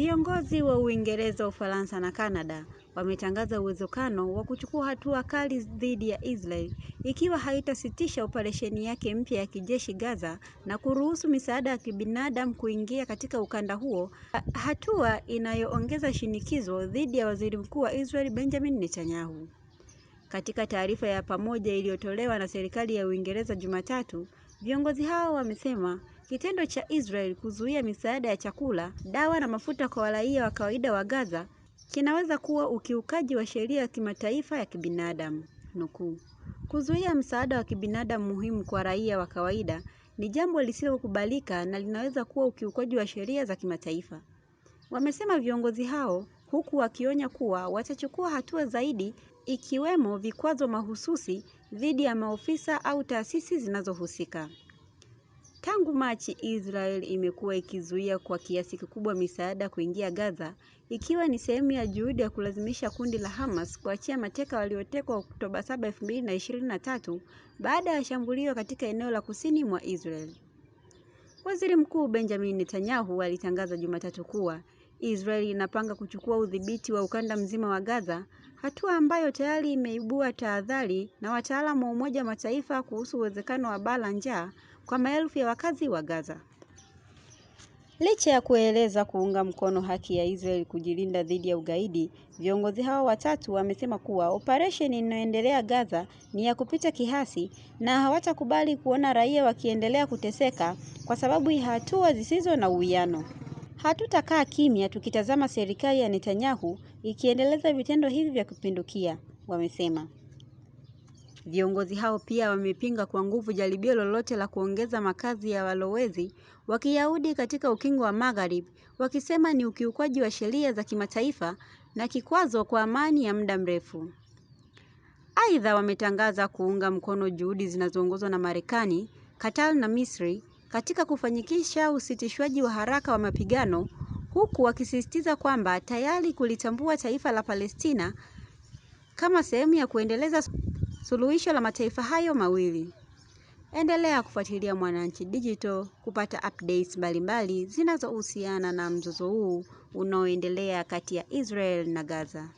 Viongozi wa Uingereza, Ufaransa na Kanada wametangaza uwezekano wa kuchukua hatua kali dhidi ya Israel ikiwa haitasitisha operesheni yake mpya ya kijeshi Gaza na kuruhusu misaada ya kibinadamu kuingia katika ukanda huo, hatua inayoongeza shinikizo dhidi ya Waziri Mkuu wa Israel Benjamin Netanyahu. Katika taarifa ya pamoja iliyotolewa na serikali ya Uingereza Jumatatu, viongozi hao wamesema Kitendo cha Israel kuzuia misaada ya chakula, dawa na mafuta kwa raia wa kawaida wa Gaza kinaweza kuwa ukiukaji wa sheria ya kimataifa ya kibinadamu. Nukuu, kuzuia msaada wa kibinadamu muhimu kwa raia wa kawaida ni jambo lisilokubalika na linaweza kuwa ukiukaji wa sheria za kimataifa, wamesema viongozi hao, huku wakionya kuwa watachukua hatua zaidi ikiwemo vikwazo mahususi dhidi ya maofisa au taasisi zinazohusika. Tangu Machi, Israel imekuwa ikizuia kwa kiasi kikubwa misaada kuingia Gaza, ikiwa ni sehemu ya juhudi ya kulazimisha kundi la Hamas kuachia mateka waliotekwa Oktoba 7, 2023 baada ya shambulio katika eneo la kusini mwa Israel. Waziri Mkuu Benjamin Netanyahu alitangaza Jumatatu kuwa Israel inapanga kuchukua udhibiti wa ukanda mzima wa Gaza, hatua ambayo tayari imeibua tahadhari na wataalamu wa Umoja wa Mataifa kuhusu uwezekano wa baa la njaa kwa maelfu ya wakazi wa Gaza. Licha ya kueleza kuunga mkono haki ya Israel kujilinda dhidi ya ugaidi, viongozi hao watatu wamesema kuwa operesheni inayoendelea Gaza ni ya kupita kiasi na hawatakubali kuona raia wakiendelea kuteseka kwa sababu ya hatua zisizo na uwiano. Hatutakaa kimya tukitazama serikali ya Netanyahu ikiendeleza vitendo hivi vya kupindukia, wamesema. Viongozi hao pia wamepinga kwa nguvu jaribio lolote la kuongeza makazi ya walowezi wa Kiyahudi katika Ukingo wa Magharibi, wakisema ni ukiukwaji wa sheria za kimataifa na kikwazo kwa amani ya muda mrefu. Aidha, wametangaza kuunga mkono juhudi zinazoongozwa na Marekani, Qatar na Misri katika kufanikisha usitishwaji wa haraka wa mapigano huku wakisisitiza kwamba tayari kulitambua taifa la Palestina kama sehemu ya kuendeleza suluhisho la mataifa hayo mawili. Endelea kufuatilia Mwananchi Digital kupata updates mbalimbali zinazohusiana na mzozo huu unaoendelea kati ya Israel na Gaza.